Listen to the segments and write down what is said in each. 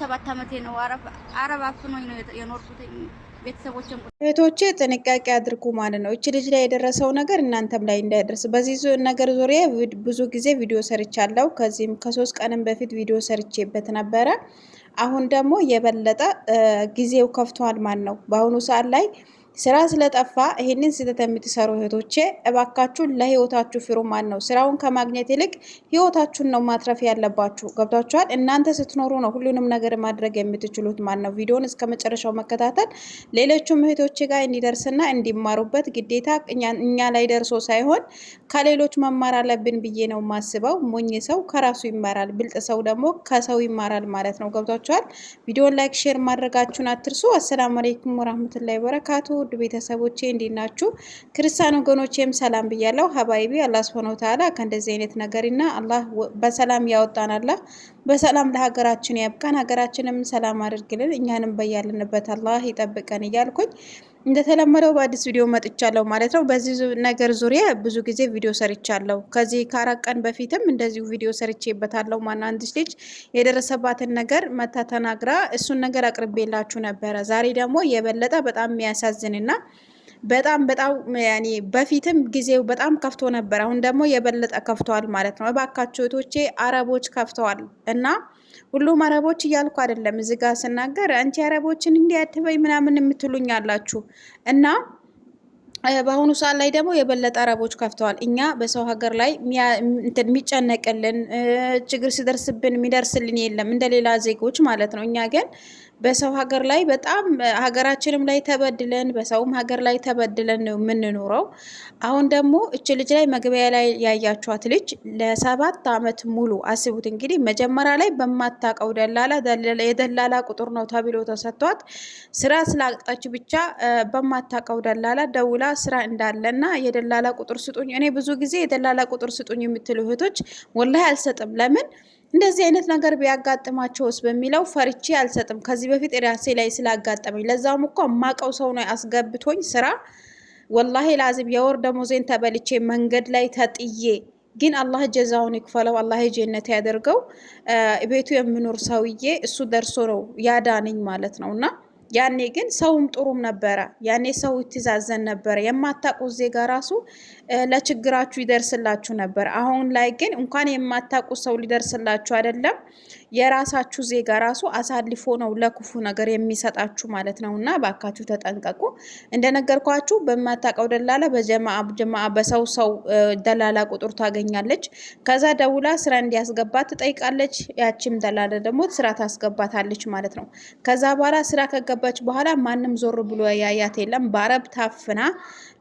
ሰባት ዓመቴ ነው። አረብ አፍኖኝ ነው የኖርኩት። ቤተሰቦች እህቶቼ ጥንቃቄ አድርጉ ማለት ነው። እች ልጅ ላይ የደረሰው ነገር እናንተም ላይ እንዳይደርስ በዚህ ነገር ዙሪያ ብዙ ጊዜ ቪዲዮ ሰርቻለሁ። ከዚህም ከሶስት ቀንም በፊት ቪዲዮ ሰርቼበት ነበረ። አሁን ደግሞ የበለጠ ጊዜው ከፍቷል ማለት ነው በአሁኑ ሰዓት ላይ ስራ ስለጠፋ ይህንን ስህተት የምትሰሩ እህቶቼ እባካችሁን ለህይወታችሁ ፍሩ። ማን ነው ስራውን ከማግኘት ይልቅ ህይወታችሁን ነው ማትረፍ ያለባችሁ። ገብቷችኋል? እናንተ ስትኖሩ ነው ሁሉንም ነገር ማድረግ የምትችሉት። ማን ነው ቪዲዮን እስከ መጨረሻው መከታተል ሌሎቹም እህቶቼ ጋር እንዲደርስና እንዲማሩበት ግዴታ እኛ ላይ ደርሶ ሳይሆን ከሌሎች መማር አለብን ብዬ ነው ማስበው። ሞኝ ሰው ከራሱ ይማራል፣ ብልጥ ሰው ደግሞ ከሰው ይማራል ማለት ነው። ገብቷችኋል? ቪዲዮን ላይክ፣ ሼር ማድረጋችሁን አትርሱ። አሰላሙ አለይኩም ወራህመቱላሂ ወበረካቱ ውድ ቤተሰቦቼ እንዴት ናችሁ? ክርስቲያን ወገኖቼም ሰላም ብያለሁ። ሀባይቢ አላህ ስብሐነ ወተዓላ ከእንደዚህ አይነት ነገርና አላህ በሰላም ያወጣናላ በሰላም ለሀገራችን ያብቃን። ሀገራችንም ሰላም አድርግልን፣ እኛንም በያልንበት አላህ ይጠብቀን እያልኩኝ እንደተለመደው በአዲስ ቪዲዮ መጥቻለሁ ማለት ነው። በዚህ ነገር ዙሪያ ብዙ ጊዜ ቪዲዮ ሰርቻለሁ። ከዚህ ከአራት ቀን በፊትም እንደዚሁ ቪዲዮ ሰርቼበታለሁ። ማና አንዲት ልጅ የደረሰባትን ነገር መታ ተናግራ እሱን ነገር አቅርቤላችሁ ነበረ። ዛሬ ደግሞ የበለጠ በጣም የሚያሳዝንና በጣም በጣም ያኔ በፊትም ጊዜው በጣም ከፍቶ ነበር። አሁን ደግሞ የበለጠ ከፍቷል ማለት ነው። እባካችሁ እህቶቼ አረቦች ከፍተዋል እና ሁሉም አረቦች እያልኩ አይደለም። እዚህ ጋር ስናገር አንቺ አረቦችን እንዲህ አትበይ ምናምን የምትሉኝ አላችሁ እና በአሁኑ ሰዓት ላይ ደግሞ የበለጠ አረቦች ከፍተዋል። እኛ በሰው ሀገር ላይ የሚጨነቅልን ችግር ሲደርስብን የሚደርስልን የለም እንደሌላ ዜጎች ማለት ነው። እኛ ግን በሰው ሀገር ላይ በጣም ሀገራችንም ላይ ተበድለን በሰውም ሀገር ላይ ተበድለን ነው የምንኖረው። አሁን ደግሞ እች ልጅ ላይ መግቢያ ላይ ያያችኋት ልጅ ለሰባት አመት ሙሉ አስቡት እንግዲህ መጀመሪያ ላይ በማታቀው ደላላ የደላላ ቁጥር ነው ተብሎ ተሰጥቷት ስራ ስላጣች ብቻ በማታቀው ደላላ ደውላ ስራ እንዳለና የደላላ ቁጥር ስጡኝ። እኔ ብዙ ጊዜ የደላላ ቁጥር ስጡኝ የምትሉ እህቶች ወላሂ አልሰጥም። ለምን እንደዚህ አይነት ነገር ቢያጋጥማቸውስ በሚለው ፈርቼ አልሰጥም። ከዚህ በፊት ራሴ ላይ ስላጋጠመኝ ለዛውም እኮ የማውቀው ሰው ነው አስገብቶኝ ስራ ወላሂ ላዚም የወር ደሞዜን ተበልቼ መንገድ ላይ ተጥዬ ግን አላህ ጀዛውን ይክፈለው፣ አላህ ጀነት ያደርገው። ቤቱ የምኖር ሰውዬ እሱ ደርሶ ነው ያዳነኝ ማለት ነው እና ያኔ ግን ሰውም ጥሩም ነበረ። ያኔ ሰው ይትዛዘን ነበረ። የማታቁ ዜጋ ራሱ ለችግራችሁ ይደርስላችሁ ነበር። አሁን ላይ ግን እንኳን የማታቁ ሰው ሊደርስላችሁ አይደለም የራሳችሁ ዜጋ ራሱ አሳልፎ ነው ለክፉ ነገር የሚሰጣችሁ ማለት ነው። እና ባካችሁ ተጠንቀቁ። እንደነገርኳችሁ በማታውቀው ደላላ በጀማ ጀማ በሰው ሰው ደላላ ቁጥር ታገኛለች። ከዛ ደውላ ስራ እንዲያስገባት ትጠይቃለች። ያቺም ደላላ ደግሞ ስራ ታስገባታለች ማለት ነው። ከዛ በኋላ ስራ ከገባች በኋላ ማንም ዞር ብሎ ያያት የለም። በአረብ ታፍና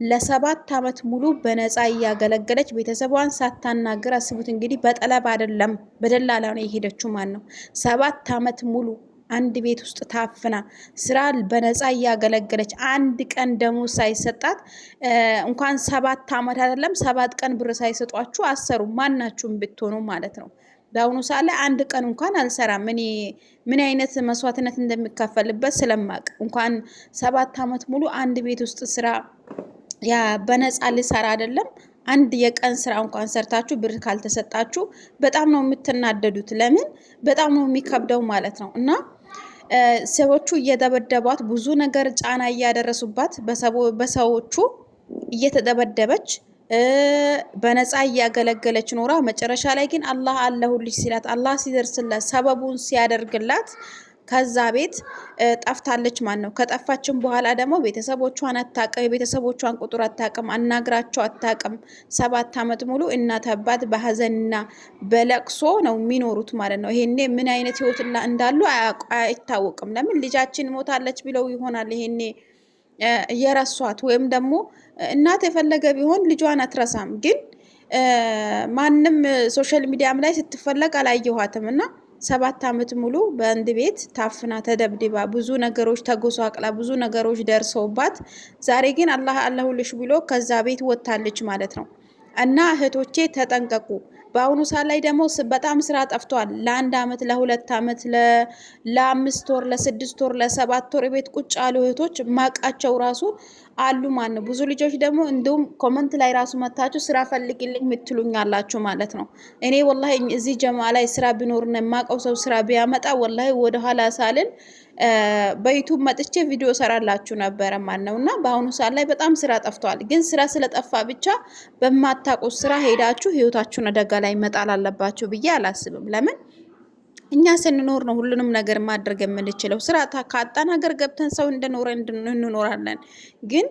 ለሰባት ዓመት ሙሉ በነፃ እያገለገለች ቤተሰቧን ሳታናግር አስቡት እንግዲህ በጠለብ አይደለም በደላላ ነው የሄደችው። ማን ነው ሰባት ዓመት ሙሉ አንድ ቤት ውስጥ ታፍና ስራ በነፃ እያገለገለች አንድ ቀን ደሞ ሳይሰጣት እንኳን ሰባት ዓመት አይደለም ሰባት ቀን ብር ሳይሰጧችሁ አሰሩ ማናችሁም ብትሆኑ ማለት ነው። በአሁኑ ሰዓት ላይ አንድ ቀን እንኳን አልሰራም። እኔ ምን አይነት መስዋዕትነት እንደሚከፈልበት ስለማቅ እንኳን ሰባት ዓመት ሙሉ አንድ ቤት ውስጥ ስራ ያ በነፃ ልሰራ አይደለም አንድ የቀን ስራ እንኳን ሰርታችሁ ብር ካልተሰጣችሁ በጣም ነው የምትናደዱት። ለምን በጣም ነው የሚከብደው ማለት ነው። እና ሰዎቹ እየደበደቧት ብዙ ነገር ጫና እያደረሱባት በሰዎቹ እየተደበደበች በነፃ እያገለገለች ኖራ መጨረሻ ላይ ግን አላህ አለሁልሽ ሲላት አላህ ሲደርስላት ሰበቡን ሲያደርግላት ከዛ ቤት ጠፍታለች ማለት ነው። ከጠፋችን በኋላ ደግሞ ቤተሰቦቿን አታቅም የቤተሰቦቿን ቁጥር አታቅም፣ አናግራቸው አታቅም ሰባት ዓመት ሙሉ እናት አባት በሀዘንና በለቅሶ ነው የሚኖሩት ማለት ነው። ይሄኔ ምን አይነት ህይወት እንዳሉ አይታወቅም። ለምን ልጃችን ሞታለች ብለው ይሆናል ይሄኔ የረሷት ወይም ደግሞ እናት የፈለገ ቢሆን ልጇን አትረሳም። ግን ማንም ሶሻል ሚዲያም ላይ ስትፈለግ አላየኋትም እና ሰባት ዓመት ሙሉ በአንድ ቤት ታፍና ተደብድባ ብዙ ነገሮች ተጎሳቅላ ብዙ ነገሮች ደርሰውባት ዛሬ ግን አላህ አለሁልሽ ብሎ ከዛ ቤት ወጥታለች ማለት ነው። እና እህቶቼ ተጠንቀቁ። በአሁኑ ሰዓት ላይ ደግሞ በጣም ስራ ጠፍቷል። ለአንድ አመት፣ ለሁለት ዓመት ለአምስት ወር፣ ለስድስት ወር፣ ለሰባት ወር ቤት ቁጭ ያሉ እህቶች ማቃቸው ራሱ አሉ ማለት ነው። ብዙ ልጆች ደግሞ እንዲሁም ኮመንት ላይ ራሱ መታችሁ ስራ ፈልግልኝ የምትሉኝ አላችሁ ማለት ነው። እኔ ወላ እዚህ ጀማ ላይ ስራ ቢኖር የማውቀው ሰው ስራ ቢያመጣ ወላ ወደኋላ ሳልን በዩቱብ መጥቼ ቪዲዮ ሰራላችሁ ነበረ ማለት ነው። እና በአሁኑ ሰዓት ላይ በጣም ስራ ጠፍቷል። ግን ስራ ስለጠፋ ብቻ በማታውቁት ስራ ሄዳችሁ ህይወታችሁን አደጋ ላይ መጣል አለባችሁ ብዬ አላስብም። ለምን እኛ ስንኖር ነው ሁሉንም ነገር ማድረግ የምንችለው። ስራ ካጣን ሀገር ገብተን ሰው እንደኖረ እንኖራለን ግን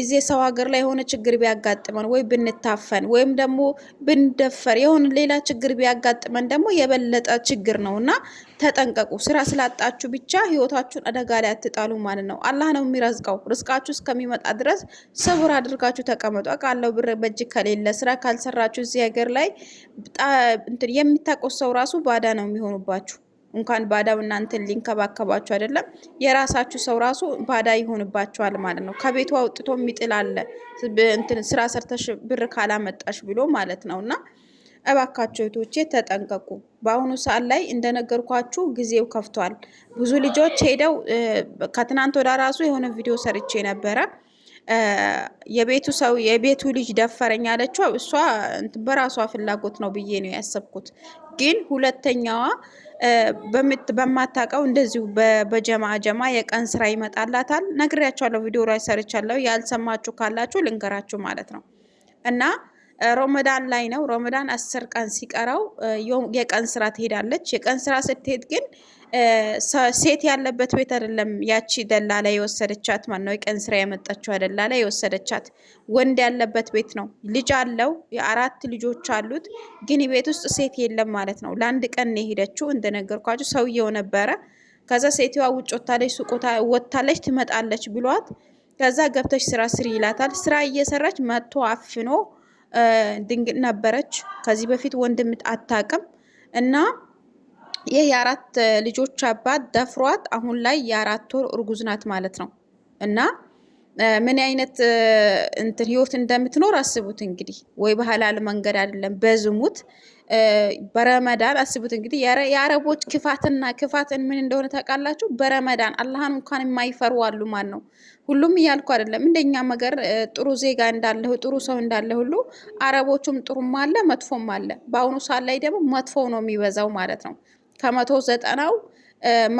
እዚህ ሰው ሀገር ላይ የሆነ ችግር ቢያጋጥመን ወይ ብንታፈን ወይም ደግሞ ብንደፈር የሆነ ሌላ ችግር ቢያጋጥመን ደግሞ የበለጠ ችግር ነው እና ተጠንቀቁ። ስራ ስላጣችሁ ብቻ ህይወታችሁን አደጋ ላይ አትጣሉ ማለት ነው። አላህ ነው የሚረዝቀው። ርስቃችሁ እስከሚመጣ ድረስ ሰብር አድርጋችሁ ተቀመጡ። አውቃለሁ ብር በእጅ ከሌለ ስራ ካልሰራችሁ እዚህ ሀገር ላይ የሚታቆሰው ራሱ ባዳ ነው የሚሆኑባችሁ። እንኳን ባዳው እናንተን ሊንከባከባችሁ አይደለም የራሳችሁ ሰው ራሱ ባዳ ይሆንባችኋል ማለት ነው። ከቤቱ አውጥቶ የሚጥል አለ እንትን ስራ ሰርተሽ ብር ካላመጣሽ ብሎ ማለት ነው እና እባካቸው እህቶቼ ተጠንቀቁ። በአሁኑ ሰዓት ላይ እንደነገርኳችሁ ጊዜው ከፍቷል። ብዙ ልጆች ሄደው ከትናንት ወዳ ራሱ የሆነ ቪዲዮ ሰርቼ ነበረ የቤቱ ሰው የቤቱ ልጅ ደፈረኝ ያለችው እሷ በራሷ ፍላጎት ነው ብዬ ነው ያሰብኩት። ግን ሁለተኛዋ በማታውቀው እንደዚሁ በጀማ ጀማ የቀን ስራ ይመጣላታል። ነግሬያቸዋለሁ፣ ቪዲዮ ላይ ሰርቻለሁ። ያልሰማችሁ ካላችሁ ልንገራችሁ ማለት ነው እና ሮመዳን ላይ ነው። ሮመዳን አስር ቀን ሲቀረው የቀን ስራ ትሄዳለች። የቀን ስራ ስትሄድ ግን ሴት ያለበት ቤት አይደለም። ያቺ ደላላ የወሰደቻት ማን ነው? የቀን ስራ የመጣችው ደላላ የወሰደቻት ወንድ ያለበት ቤት ነው። ልጅ አለው፣ የአራት ልጆች አሉት። ግን ቤት ውስጥ ሴት የለም ማለት ነው። ለአንድ ቀን ነው የሄደችው። እንደነገርኳችሁ ሰውየው ነበረ። ከዛ ሴትዋ ውጭ ወታለች፣ ሱቆታ ወታለች፣ ትመጣለች ብሏት፣ ከዛ ገብተች ስራ ስሪ ይላታል። ስራ እየሰራች መጥቶ አፍኖ ድንግል ነበረች። ከዚህ በፊት ወንድም አታውቅም እና ይህ የአራት ልጆች አባት ደፍሯት አሁን ላይ የአራት ወር እርጉዝ ናት ማለት ነው እና ምን አይነት እንትን ህይወት እንደምትኖር አስቡት እንግዲህ። ወይ በሐላል መንገድ አይደለም በዝሙት በረመዳን አስቡት እንግዲህ የአረቦች ክፋትና ክፋትን ምን እንደሆነ ታውቃላችሁ። በረመዳን አላህን እንኳን የማይፈሩ አሉ። ማን ነው? ሁሉም እያልኩ አይደለም። እንደኛ ሀገር ጥሩ ዜጋ እንዳለ ጥሩ ሰው እንዳለ ሁሉ አረቦቹም ጥሩም አለ መጥፎም አለ። በአሁኑ ሰዓት ላይ ደግሞ መጥፎ ነው የሚበዛው ማለት ነው። ከመቶ ዘጠናው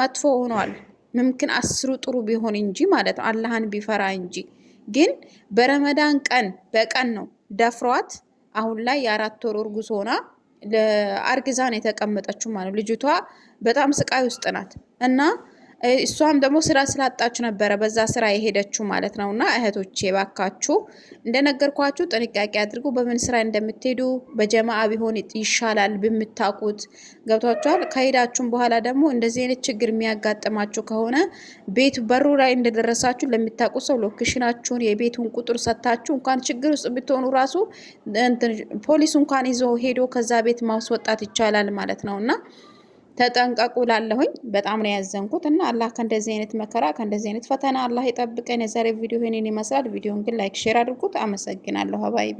መጥፎ ሆኗል። ምምክን አስሩ ጥሩ ቢሆን እንጂ ማለት ነው አላህን ቢፈራ እንጂ። ግን በረመዳን ቀን በቀን ነው ደፍሯት አሁን ላይ የአራት ወር እርጉዝ ሆና አርግዛን የተቀመጠችው ማለት ልጅቷ በጣም ስቃይ ውስጥ ናት እና እሷም ደግሞ ስራ ስላጣችሁ ነበረ በዛ ስራ የሄደችው ማለት ነው። እና እህቶቼ ባካችሁ እንደነገርኳችሁ ጥንቃቄ አድርጉ። በምን ስራ እንደምትሄዱ በጀማአ ቢሆን ይሻላል ብምታቁት ገብቷችኋል። ከሄዳችሁም በኋላ ደግሞ እንደዚህ አይነት ችግር የሚያጋጥማችሁ ከሆነ ቤት በሩ ላይ እንደደረሳችሁ ለሚታቁ ሰው ሎኬሽናችሁን፣ የቤቱን ቁጥር ሰታችሁ እንኳን ችግር ውስጥ ብትሆኑ ራሱ ፖሊስ እንኳን ይዞ ሄዶ ከዛ ቤት ማስወጣት ይቻላል ማለት ነው እና ተጠንቀቁ ላለሁኝ በጣም ነው ያዘንኩት እና አላህ ከእንደዚህ አይነት መከራ ከእንደዚህ አይነት ፈተና አላህ የጠብቀን። የዛሬ ቪዲዮ ይህንን ይመስላል። ቪዲዮን ግን ላይክ፣ ሼር አድርጉት። አመሰግናለሁ አባይቢ